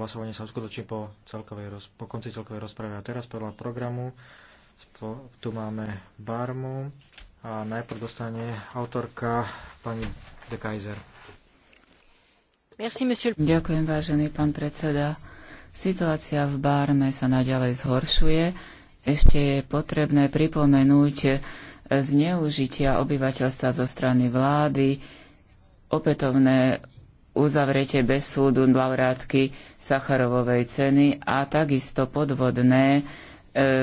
Hlasovanie sa uskutoční po, celkovej, po konci celkovej rozpravy. A teraz podľa programu tu máme Barmu a najprv dostane autorka pani de Kaiser. Merci, monsieur. Ďakujem, vážený pán predseda. Situácia v Barme sa naďalej zhoršuje. Ešte je potrebné pripomenúť e, zneužitia obyvateľstva zo strany vlády, opätovné uzavretie bez súdu laureátky Sacharovovej ceny a takisto podvodné e,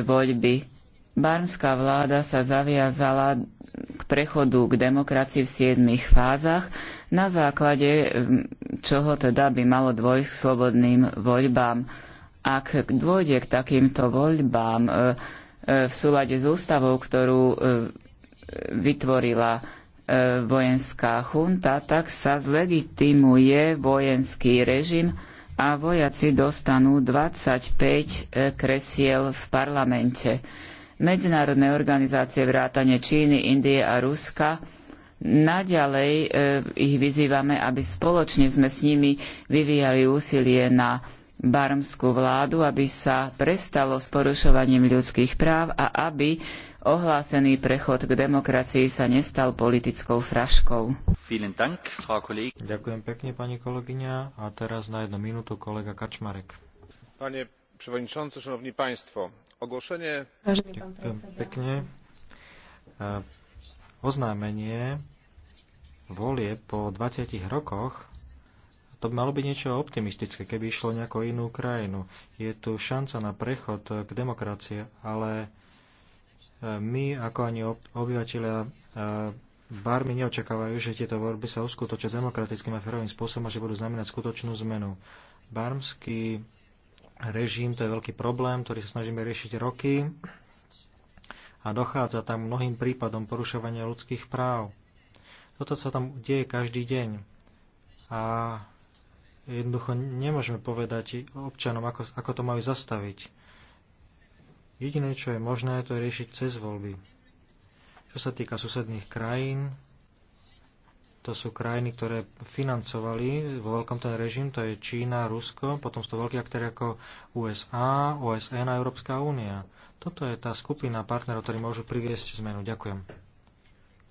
voľby. Barmská vláda sa zaviazala k prechodu k demokracii v siedmých fázach, na základe čoho teda by malo dôjsť k slobodným voľbám. Ak dôjde k takýmto voľbám e, e, v súlade s ústavou, ktorú e, vytvorila E, vojenská chunta, tak sa zlegitimuje vojenský režim a vojaci dostanú 25 e, kresiel v parlamente. Medzinárodné organizácie vrátane Číny, Indie a Ruska naďalej e, ich vyzývame, aby spoločne sme s nimi vyvíjali úsilie na barmskú vládu, aby sa prestalo s porušovaním ľudských práv a aby ohlásený prechod k demokracii sa nestal politickou fraškou. Ďakujem pekne, pani kolegyňa. A teraz na jednu minútu kolega Kačmarek. Panie przewodniczący, szanowni państwo, ogłoszenie... Ďakujem e, Oznámenie volie po 20 rokoch to by malo byť niečo optimistické, keby išlo nejakú inú krajinu. Je tu šanca na prechod k demokracie, ale my, ako ani obyvateľia e, barmi neočakávajú, že tieto voľby sa uskutočia demokratickým a ferovým spôsobom a že budú znamenať skutočnú zmenu. Barmský režim to je veľký problém, ktorý sa snažíme riešiť roky a dochádza tam mnohým prípadom porušovania ľudských práv. Toto sa tam deje každý deň a jednoducho nemôžeme povedať občanom, ako, ako to majú zastaviť. Jediné, čo je možné, to je riešiť cez voľby. Čo sa týka susedných krajín, to sú krajiny, ktoré financovali vo veľkom ten režim, to je Čína, Rusko, potom sú to veľkí aktéry ako USA, OSN a Európska únia. Toto je tá skupina partnerov, ktorí môžu priviesť zmenu. Ďakujem.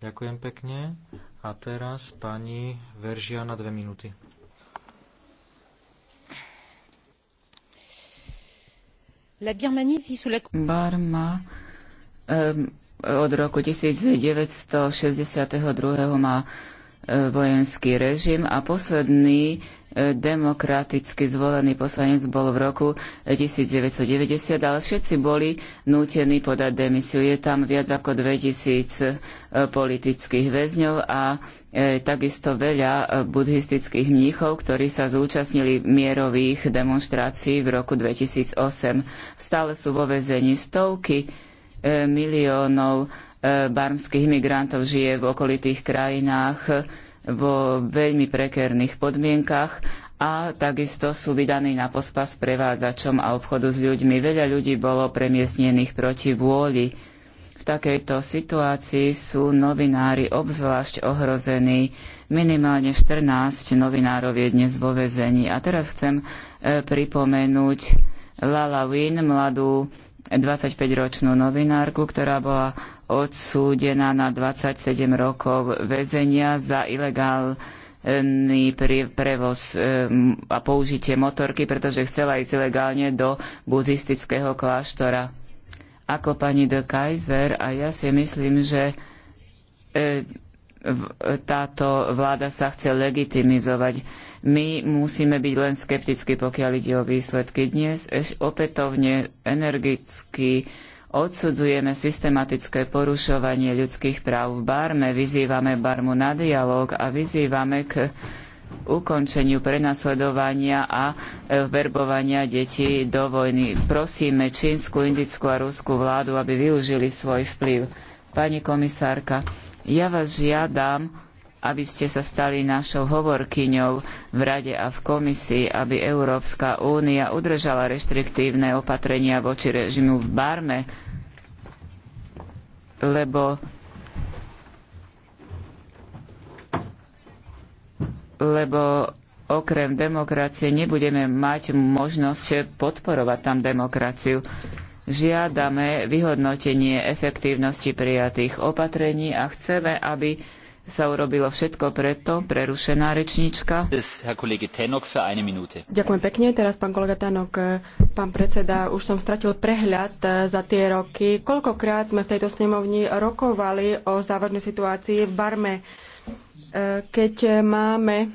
Ďakujem pekne. A teraz pani Veržiana dve minúty. Barma od roku 1962 má e, vojenský režim a posledný e, demokraticky zvolený poslanec bol v roku 1990, ale všetci boli nútení podať demisiu. Je tam viac ako 2000 e, politických väzňov a E, takisto veľa e, buddhistických mníchov, ktorí sa zúčastnili mierových demonštrácií v roku 2008. Stále sú vo vezení stovky e, miliónov barmských migrantov žije v okolitých krajinách vo veľmi prekérnych podmienkach a takisto sú vydaní na pospas prevádzačom a obchodu s ľuďmi. Veľa ľudí bolo premiestnených proti vôli takejto situácii sú novinári obzvlášť ohrození. Minimálne 14 novinárov je dnes vo vezení. A teraz chcem e, pripomenúť Lala Win, mladú 25-ročnú novinárku, ktorá bola odsúdená na 27 rokov väzenia za ilegálny prevoz e, a použitie motorky, pretože chcela ísť ilegálne do buddhistického kláštora ako pani de Kaiser a ja si myslím, že e, táto vláda sa chce legitimizovať. My musíme byť len skeptickí, pokiaľ ide o výsledky. Dnes opätovne energicky odsudzujeme systematické porušovanie ľudských práv v Barme, vyzývame Barmu na dialog a vyzývame k ukončeniu prenasledovania a e, verbovania detí do vojny. Prosíme čínsku, indickú a ruskú vládu, aby využili svoj vplyv. Pani komisárka, ja vás žiadam, aby ste sa stali našou hovorkyňou v Rade a v komisii, aby Európska únia udržala reštriktívne opatrenia voči režimu v Barme, lebo lebo okrem demokracie nebudeme mať možnosť podporovať tam demokraciu. Žiadame vyhodnotenie efektívnosti prijatých opatrení a chceme, aby sa urobilo všetko preto, prerušená rečnička. Ďakujem pekne, teraz pán kolega Tanok, eh, pán predseda, už som stratil prehľad eh, za tie roky. Koľkokrát sme v tejto snemovni rokovali o závažnej situácii v Barme? E, keď máme v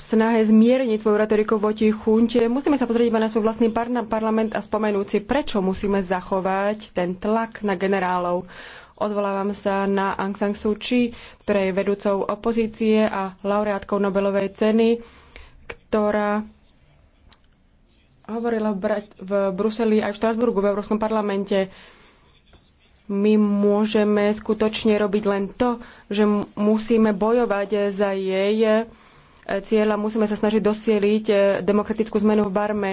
snahe zmierniť svoju retoriku voči chunte, musíme sa pozrieť iba na svoj vlastný parlament a spomenúť si, prečo musíme zachovať ten tlak na generálov. Odvolávam sa na Aung San Suu Kyi, ktorá je vedúcou opozície a laureátkou Nobelovej ceny, ktorá hovorila v, Bruseli aj v Štrasburgu v Európskom parlamente my môžeme skutočne robiť len to, že musíme bojovať za jej e, cieľa, musíme sa snažiť dosieliť e, demokratickú zmenu v Barme.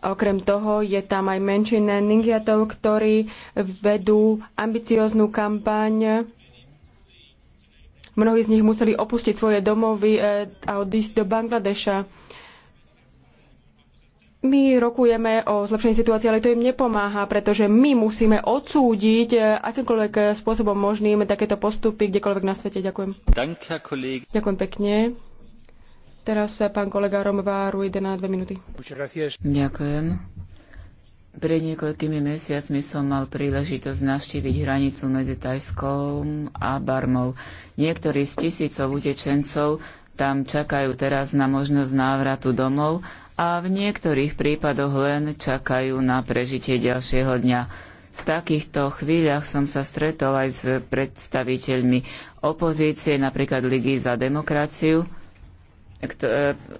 Okrem toho je tam aj menšina Ningiatov, ktorí vedú ambicióznu kampaň. Mnohí z nich museli opustiť svoje domovy e, a odísť do Bangladeša my rokujeme o zlepšení situácie, ale to im nepomáha, pretože my musíme odsúdiť eh, akýmkoľvek eh, spôsobom možným takéto postupy kdekoľvek na svete. Ďakujem. Danke, Ďakujem pekne. Teraz eh, pán kolega Romváru ide na dve minúty. Ďakujem. Pred niekoľkými mesiacmi som mal príležitosť navštíviť hranicu medzi Tajskou a Barmou. Niektorí z tisícov utečencov tam čakajú teraz na možnosť návratu domov a v niektorých prípadoch len čakajú na prežitie ďalšieho dňa. V takýchto chvíľach som sa stretol aj s predstaviteľmi opozície, napríklad Ligy za demokraciu, E,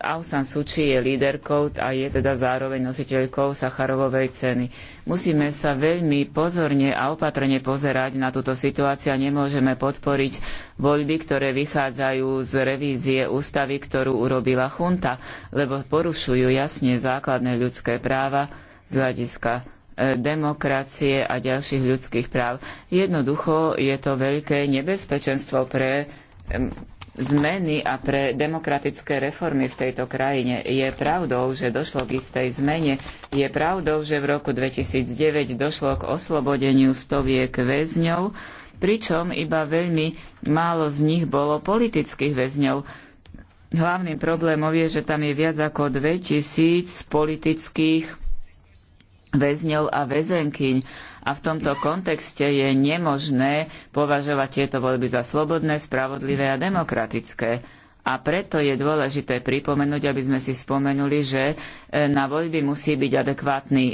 Aung San Suu Kyi je líderkou a je teda zároveň nositeľkou Sacharovovej ceny. Musíme sa veľmi pozorne a opatrne pozerať na túto situáciu a nemôžeme podporiť voľby, ktoré vychádzajú z revízie ústavy, ktorú urobila junta, lebo porušujú jasne základné ľudské práva z hľadiska e, demokracie a ďalších ľudských práv. Jednoducho je to veľké nebezpečenstvo pre zmeny a pre demokratické reformy v tejto krajine. Je pravdou, že došlo k istej zmene. Je pravdou, že v roku 2009 došlo k oslobodeniu stoviek väzňov, pričom iba veľmi málo z nich bolo politických väzňov. Hlavným problémom je, že tam je viac ako 2000 politických väzňov a väzenkyň a v tomto kontexte je nemožné považovať tieto voľby za slobodné, spravodlivé a demokratické. A preto je dôležité pripomenúť, aby sme si spomenuli, že e, na voľby musí byť adekvátny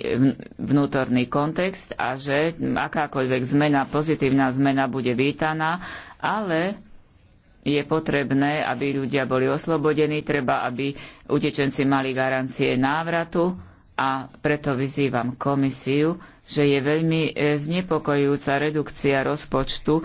vnútorný kontext a že akákoľvek zmena, pozitívna zmena bude vítaná, ale je potrebné, aby ľudia boli oslobodení, treba, aby utečenci mali garancie návratu a preto vyzývam komisiu, že je veľmi e, znepokojujúca redukcia rozpočtu e,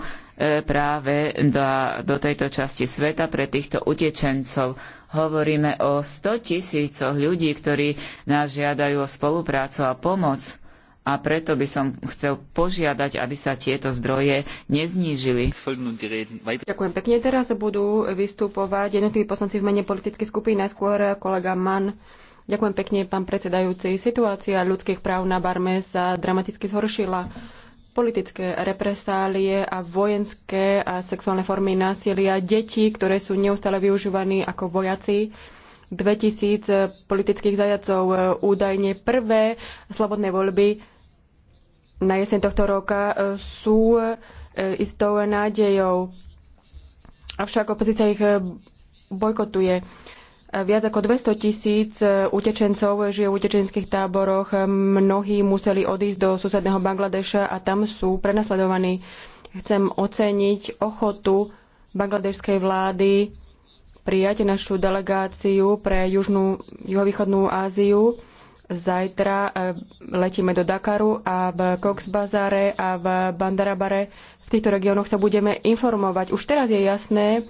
práve do, do tejto časti sveta pre týchto utečencov. Hovoríme o 100 tisícoch ľudí, ktorí nás žiadajú o spoluprácu a pomoc. A preto by som chcel požiadať, aby sa tieto zdroje neznížili. Ďakujem pekne. Teraz budú vystupovať jednotliví poslanci v mene politických skupín, najskôr kolega Mann Ďakujem pekne, pán predsedajúci. Situácia ľudských práv na Barme sa dramaticky zhoršila. Politické represálie a vojenské a sexuálne formy násilia detí, ktoré sú neustále využívaní ako vojaci, 2000 politických zajacov, e, údajne prvé slobodné voľby na jeseň tohto roka e, sú e, istou nádejou. Avšak opozícia ich bojkotuje. Viac ako 200 tisíc e, utečencov žije v utečenských táboroch. Mnohí museli odísť do susedného Bangladeša a tam sú prenasledovaní. Chcem oceniť ochotu bangladešskej vlády prijať našu delegáciu pre južnú, juhovýchodnú Áziu. Zajtra e, letíme do Dakaru a v Coxbazare a v Bandarabare. V týchto regiónoch sa budeme informovať. Už teraz je jasné,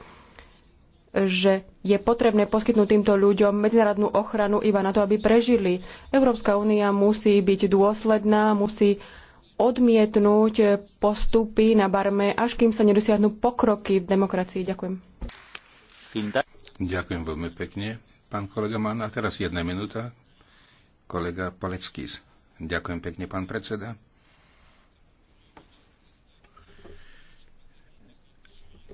že je potrebné poskytnúť týmto ľuďom medzinárodnú ochranu iba na to, aby prežili. Európska únia musí byť dôsledná, musí odmietnúť postupy na barme, až kým sa nedosiahnu pokroky v demokracii. Ďakujem. Ďakujem veľmi pekne, pán kolega Mann. A teraz jedna minúta. Kolega Paleckis. Ďakujem pekne, pán predseda.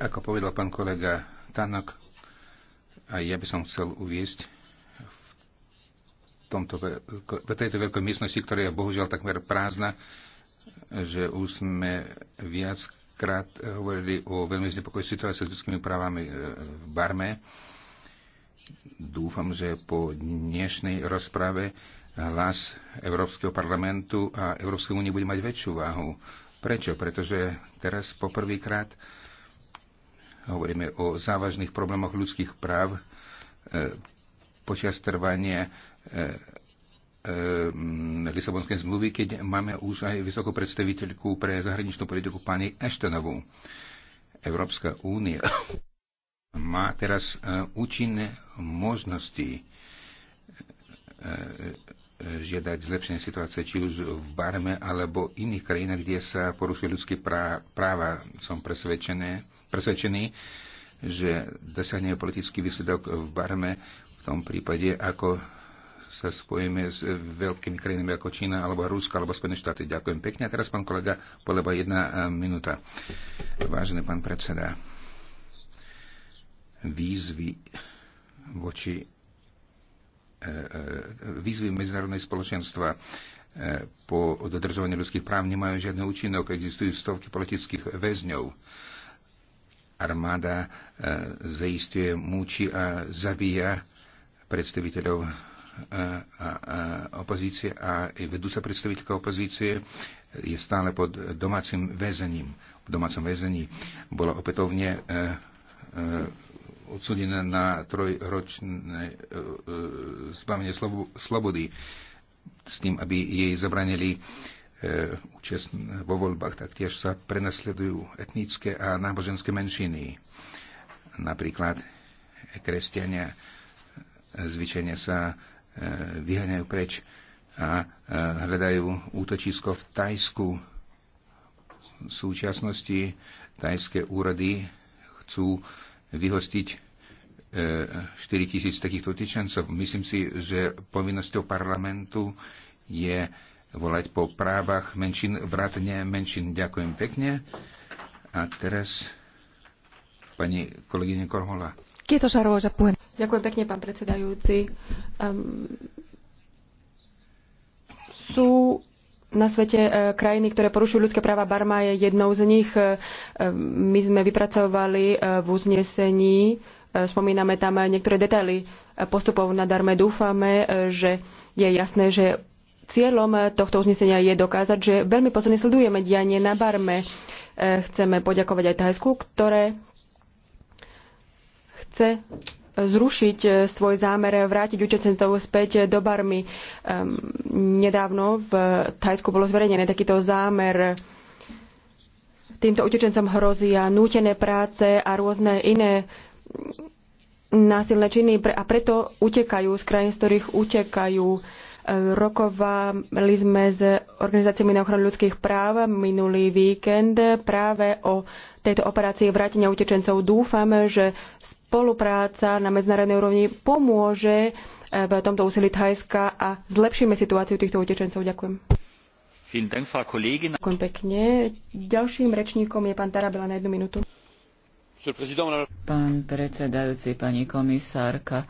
Ako povedal pán kolega Tanok, a ja by som chcel uviesť v, tomto veľko, v tejto veľkej miestnosti, ktorá je bohužiaľ takmer prázdna, že už sme viackrát hovorili o veľmi znepokojí situácii s ľudskými právami e, v Barme. Dúfam, že po dnešnej rozprave hlas Európskeho parlamentu a Európskej únie bude mať väčšiu váhu. Prečo? Pretože teraz poprvýkrát Hovoríme o závažných problémoch ľudských práv e, počas trvania e, e, Lisabonskej zmluvy, keď máme už aj vysokú predstaviteľku pre zahraničnú politiku pani Eštenovú. Európska únia má teraz účinné možnosti žiadať zlepšenie situácie, či už v Barme alebo iných krajinách, kde sa porušuje ľudské práva. Som presvedčené, presvedčení, že dosiahneme politický výsledok v Barme v tom prípade, ako sa spojíme s veľkými krajinami ako Čína, alebo Ruska, alebo Spojené štáty. Ďakujem pekne. A teraz pán kolega Poleba, jedna eh, minúta. Vážený pán predseda, výzvy voči eh, eh, výzvy medzinárodnej spoločenstva po dodržovaní ľudských práv nemajú žiadny účinok. Existujú stovky politických väzňov armáda e, zaistuje, múči a zabíja predstaviteľov e, opozície a vedúca predstaviteľka opozície je stále pod domácim väzením. V domácom väzení bola opätovne e, odsudená na trojročné zbavenie slobody s tým, aby jej zabranili E, účast vo voľbách, tak tiež sa prenasledujú etnické a náboženské menšiny. Napríklad kresťania zvyčajne sa e, vyhaňajú preč a e, hľadajú útočisko v Tajsku. V súčasnosti tajské úrady chcú vyhostiť 4 tisíc takýchto utečencov. Myslím si, že povinnosťou parlamentu je volať po právach menšin vratne menšin. Ďakujem pekne. A teraz pani kolegyne Korhola. Ďakujem pekne, pán predsedajúci. Um, sú na svete e, krajiny, ktoré porušujú ľudské práva. Barma je jednou z nich. E, my sme vypracovali e, v uznesení, spomíname tam niektoré detaily postupov na darme. Dúfame, že je jasné, že Cieľom tohto uznesenia je dokázať, že veľmi pozorne sledujeme dianie na Barme. E, chceme poďakovať aj Thajsku, ktoré chce zrušiť e, svoj zámer vrátiť utečencov späť do Barmy. E, nedávno v Thajsku bolo zverejnený takýto zámer. Týmto utečencom hrozia nútené práce a rôzne iné násilné činy a preto utekajú z krajín, z ktorých utekajú Rokovali sme s organizáciami na ochranu ľudských práv minulý víkend práve o tejto operácii vrátenia utečencov. Dúfam, že spolupráca na medzinárodnej úrovni pomôže eh, v tomto úsilí Thajska a zlepšíme situáciu týchto utečencov. Ďakujem. Ďakujem pekne. Ďalším rečníkom je pán Tarabela na jednu minútu. Pán predsedajúci, pani komisárka,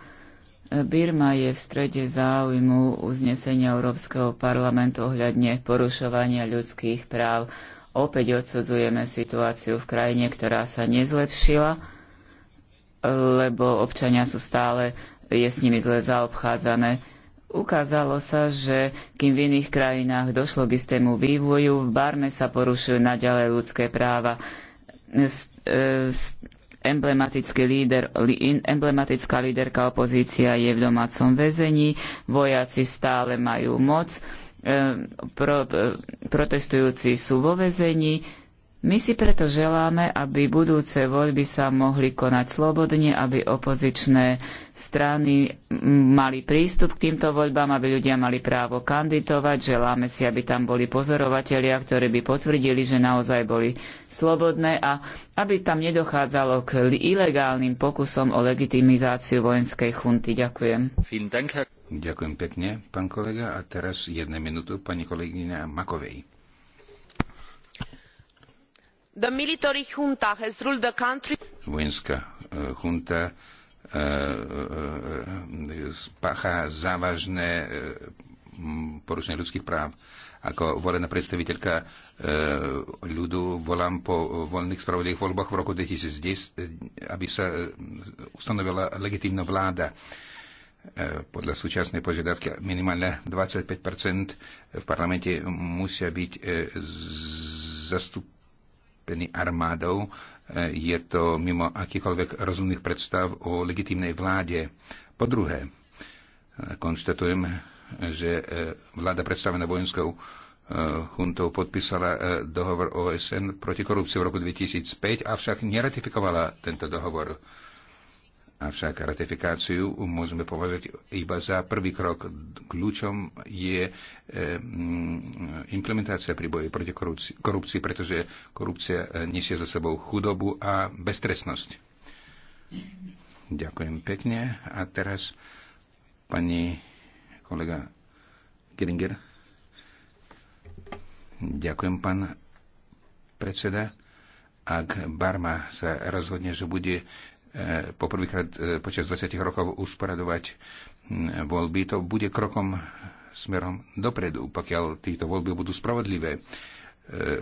Birma je v strede záujmu uznesenia Európskeho parlamentu ohľadne porušovania ľudských práv. Opäť odsudzujeme situáciu v krajine, ktorá sa nezlepšila, lebo občania sú stále, je s nimi zle zaobchádzané. Ukázalo sa, že kým v iných krajinách došlo k istému vývoju, v Barme sa porušujú naďalej ľudské práva e, Emblematický líder, emblematická líderka opozícia je v domácom väzení, vojaci stále majú moc, ehm, e, protestujúci sú vo väzení, my si preto želáme, aby budúce voľby sa mohli konať slobodne, aby opozičné strany mali prístup k týmto voľbám, aby ľudia mali právo kandidovať. Želáme si, aby tam boli pozorovatelia, ktorí by potvrdili, že naozaj boli slobodné a aby tam nedochádzalo k ilegálnym pokusom o legitimizáciu vojenskej chunty. Ďakujem. Ďakujem pekne, pán kolega. A teraz jedna minútu pani kolegyňa Makovej. The military junta has ruled the country. Vojenská e, junta e, e, spácha závažné porušenie ľudských práv. Ako volená predstaviteľka ľudu volám po voľných spravodlivých voľbách v roku 2010, aby sa ustanovila legitímna vláda podľa súčasnej požiadavky minimálne 25 v parlamente musia byť zastup obklopený armádou. E, je to mimo akýchkoľvek rozumných predstav o legitímnej vláde. Po druhé, e, konštatujem, že e, vláda predstavená vojenskou huntou podpísala dohovor OSN proti korupcii v roku 2005, avšak neratifikovala tento dohovor. Avšak ratifikáciu môžeme považať iba za prvý krok. Kľúčom je e, mm, implementácia pri boji proti korupcii, pretože korupcia e, nesie za sebou chudobu a beztresnosť. Ďakujem pekne. A teraz pani kolega Geringer. Ďakujem, pán predseda. Ak Barma sa rozhodne, že bude E, poprvýkrát e, počas 20 rokov usporadovať voľby. To bude krokom smerom dopredu, pokiaľ títo voľby budú spravodlivé. E,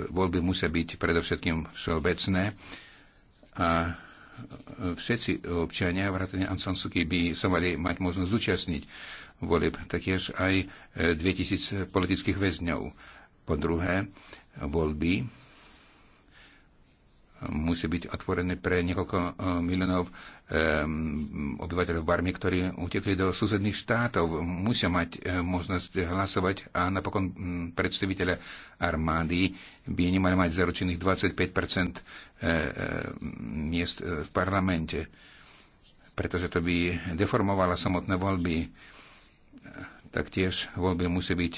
voľby musia byť predovšetkým všeobecné a všetci občania vrátane Ansan Suki by sa mali mať možnosť zúčastniť volieb, takiež aj 2000 politických väzňov. Po druhé, voľby musí byť otvorené pre niekoľko eh, miliónov eh, obyvateľov v Barmy, ktorí utekli do susedných štátov. Musia mať eh, možnosť hlasovať a napokon hm, predstaviteľe armády by nemali mať zaručených 25 miest v parlamente, pretože to by deformovala samotné voľby. Taktiež voľby musí byť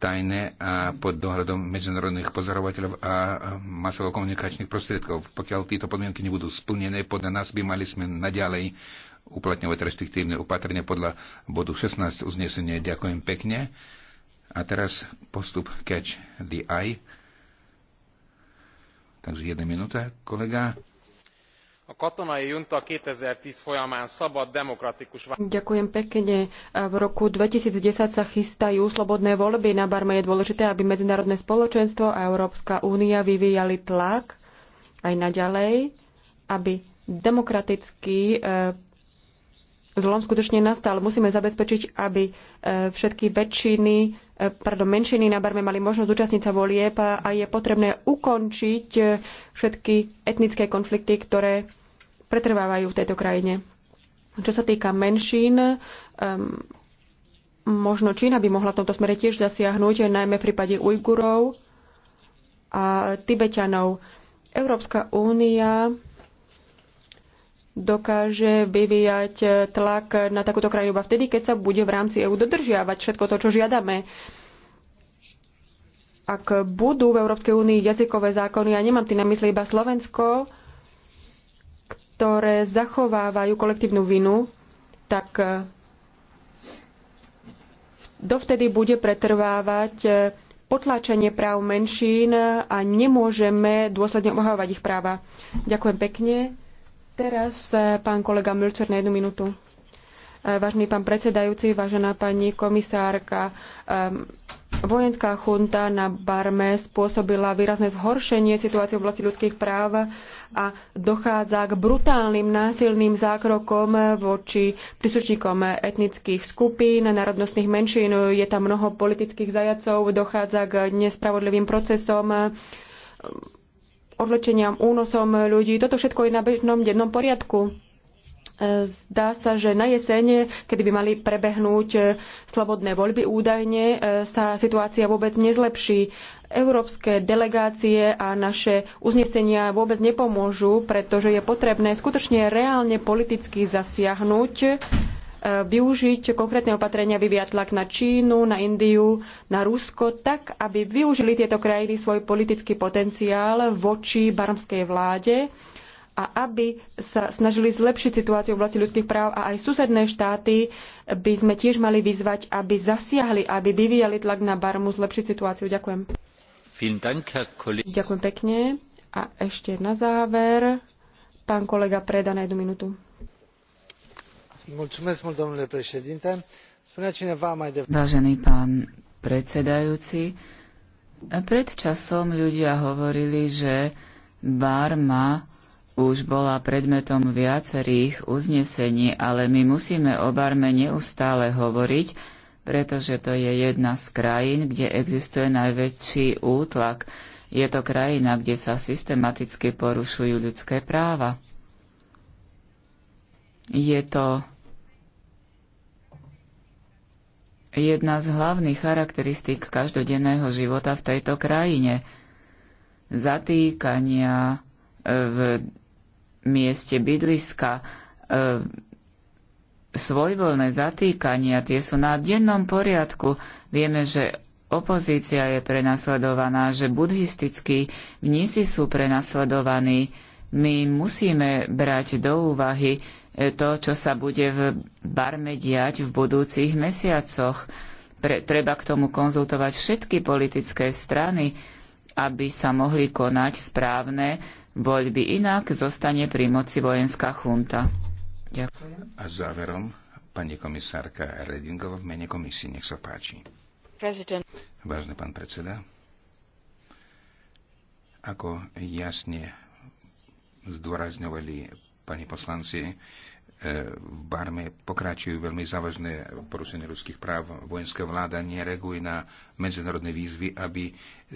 tajné a pod dohľadom medzinárodných pozorovateľov a masovo-komunikačných prostriedkov. Pokiaľ tieto podmienky nebudú splnené, podľa nás by mali sme naďalej uplatňovať restriktívne opatrenia podľa bodu 16 uznesenie. Ďakujem pekne. A teraz postup catch the eye. Takže jedna minúta, kolega a katonai junta two thousand and ten folyamán szabad demokratikus Ďakujem pekne. V roku 2010 sa chystajú slobodné voľby na Barme. Je dôležité, aby medzinárodné spoločenstvo a Európska únia vyvíjali tlak aj naďalej, aby demokratický e, zlom skutočne nastal. Musíme zabezpečiť, aby e, všetky väčšiny, e, pardon, menšiny na Barme mali možnosť účastniť sa volieb a je potrebné ukončiť všetky etnické konflikty, ktoré pretrvávajú v tejto krajine. Čo sa týka menšín, um, možno Čína by mohla v tomto smere tiež zasiahnuť, najmä v prípade Ujgurov a Tibetanov. Európska únia dokáže vyvíjať tlak na takúto krajinu iba vtedy, keď sa bude v rámci EÚ dodržiavať všetko to, čo žiadame. Ak budú v Európskej únii jazykové zákony, ja nemám tým na mysli iba Slovensko, ktoré zachovávajú kolektívnu vinu, tak e, dovtedy bude pretrvávať e, potláčanie práv menšín a nemôžeme dôsledne obhávať ich práva. Ďakujem pekne. Teraz e, pán kolega Mülcer na jednu minútu. E, Vážený pán predsedajúci, vážená pani komisárka, e, vojenská chunta na Barme spôsobila výrazné zhoršenie situácie v oblasti ľudských práv a dochádza k brutálnym násilným zákrokom voči príslušníkom etnických skupín, národnostných menšín. Je tam mnoho politických zajacov, dochádza k nespravodlivým procesom odlečeniam, únosom ľudí. Toto všetko je na bežnom dennom poriadku Zdá sa, že na jeseň, kedy by mali prebehnúť slobodné voľby údajne, e, sa situácia vôbec nezlepší. Európske delegácie a naše uznesenia vôbec nepomôžu, pretože je potrebné skutočne reálne politicky zasiahnuť, e, využiť konkrétne opatrenia, vyviať tlak na Čínu, na Indiu, na Rusko, tak, aby využili tieto krajiny svoj politický potenciál voči barmskej vláde a aby sa snažili zlepšiť situáciu v oblasti ľudských práv a aj susedné štáty by sme tiež mali vyzvať, aby zasiahli, aby vyvíjali tlak na Barmu zlepšiť situáciu. Ďakujem. Ďakujem pekne. A ešte na záver, pán kolega Preda na jednu minútu. Vážený pán predsedajúci, pred časom ľudia hovorili, že Barma už bola predmetom viacerých uznesení, ale my musíme o Barme neustále hovoriť, pretože to je jedna z krajín, kde existuje najväčší útlak. Je to krajina, kde sa systematicky porušujú ľudské práva. Je to jedna z hlavných charakteristík každodenného života v tejto krajine. Zatýkania v mieste bydliska, e, svojvoľné zatýkania, tie sú na dennom poriadku. Vieme, že opozícia je prenasledovaná, že buddhistickí mnísi sú prenasledovaní. My musíme brať do úvahy e, to, čo sa bude v Barme diať v budúcich mesiacoch. Pre, treba k tomu konzultovať všetky politické strany, aby sa mohli konať správne by inak zostane pri moci vojenská chunta. Ďakujem. A záverom pani komisárka Redingova v mene komisie. Nech sa páči. President. Vážne pán predseda, ako jasne zdôrazňovali pani poslanci, E, v Barme pokračujú veľmi závažné porušenie ľudských práv. Vojenská vláda nereaguje na medzinárodné výzvy, aby e,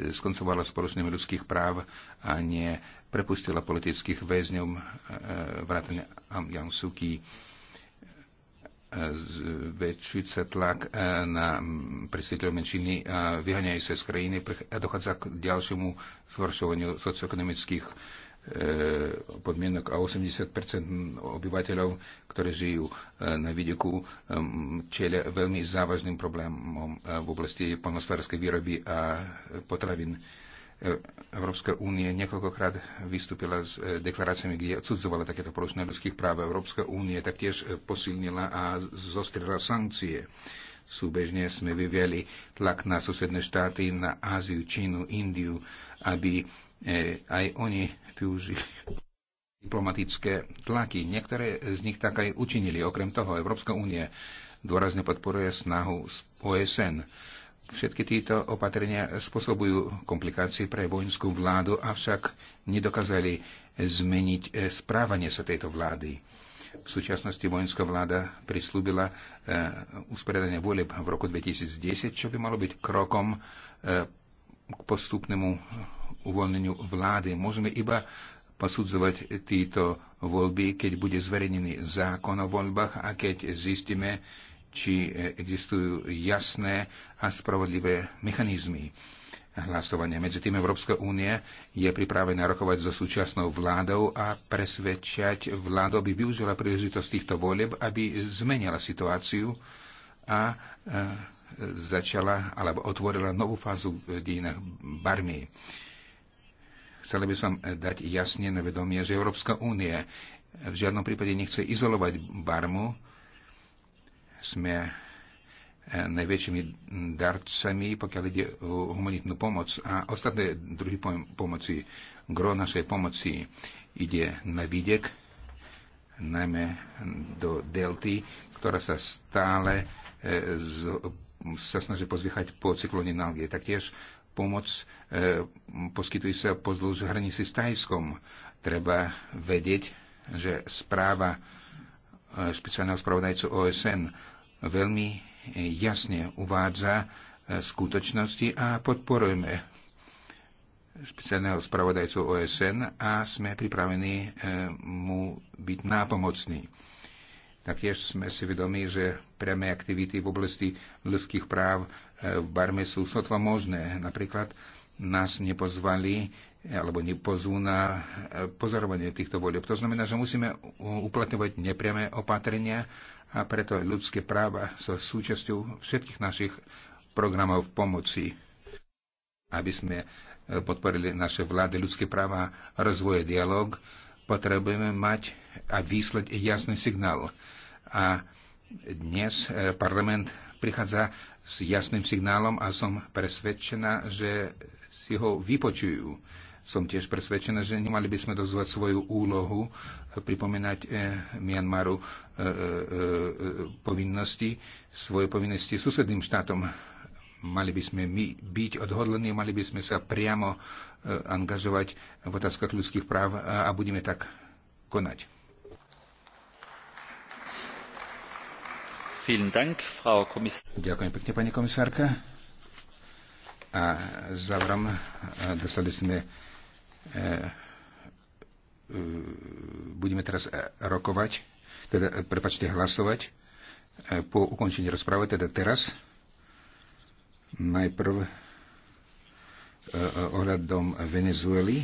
skoncovala s porušením ľudských práv a neprepustila politických väzňov e, vrátane Am Yang Suki. Zväčšuje sa tlak na predstaviteľov menšiny a vyhaňajú sa z krajiny a dochádza k ďalšiemu zhoršovaniu socioekonomických E, podmienok a 80 obyvateľov, ktorí žijú e, na vidiku, e, čelia veľmi závažným problémom v oblasti polnospodárskej výroby a potravín. Európska únie niekoľkokrát vystúpila s deklaráciami, kde odsudzovala takéto porušenie ľudských práv. Európska únie taktiež posilnila a zostrila sankcie. Súbežne sme vyviali tlak na susedné štáty, na Áziu, Čínu, Indiu, aby Eh, aj oni využili diplomatické tlaky. Niektoré z nich tak aj učinili. Okrem toho, Európska únie dôrazne podporuje snahu z OSN. Všetky títo opatrenia spôsobujú komplikácie pre vojenskú vládu, avšak nedokázali zmeniť eh, správanie sa tejto vlády. V súčasnosti vojenská vláda prislúbila eh, usporiadanie volieb v roku 2010, čo by malo byť krokom k postupnému uvoľneniu vlády. Môžeme iba posudzovať títo voľby, keď bude zverejnený zákon o voľbách a keď zistíme, či existujú jasné a spravodlivé mechanizmy hlasovania. Medzi tým Európska únia je pripravená rokovať so súčasnou vládou a presvedčať vládu, aby využila príležitosť týchto volieb, aby zmenila situáciu a e, začala alebo otvorila novú fázu v dejinách Barmy. Chcela by som eh, dať jasne na vedomie, že Európska únie eh, v žiadnom prípade nechce izolovať Barmu. Sme eh, najväčšími darcami, pokiaľ ide o humanitnú pomoc a ostatné druhy pomoci. Gro našej pomoci ide na vidiek, najmä do delty, ktorá sa stále z, sa snaží pozvychať po cyklóne Nalgie. Taktiež pomoc e, poskytuje sa pozdĺž hranici s Tajskom. Treba vedieť, že správa e, špeciálneho spravodajcu OSN veľmi jasne uvádza e, skutočnosti a podporujeme špeciálneho spravodajcu OSN a sme pripravení mu byť nápomocní. Taktiež sme si vedomi, že priame aktivity v oblasti ľudských práv e, v Barme sú sotva možné. Napríklad nás nepozvali alebo nepozvú na e, pozorovanie týchto volieb. To znamená, že musíme uplatňovať nepriame opatrenia a preto ľudské práva sú súčasťou všetkých našich programov pomoci, aby sme e, podporili naše vlády ľudské práva, rozvoje dialog, potrebujeme mať a vyslať jasný signál a dnes e, parlament prichádza s jasným signálom a som presvedčená, že si ho vypočujú. Som tiež presvedčená, že nemali by sme dozvať svoju úlohu e, pripomínať e, Mianmaru e, e, e, povinnosti, svoje povinnosti susedným štátom. Mali by sme my byť odhodlení, mali by sme sa priamo e, angažovať v otázkach ľudských práv a, a budeme tak konať. Ďakujem pekne, pani komisárka. A záverom e, dostali sme e, e, budeme teraz rokovať, teda, prepačte, hlasovať po ukončení rozprávy, teda teraz. Najprv ohľadom Venezuely.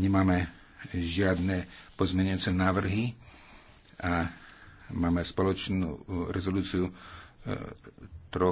Nemáme žiadne pozmenujúce návrhy a Máme spoločnú eh, rezolúciu eh,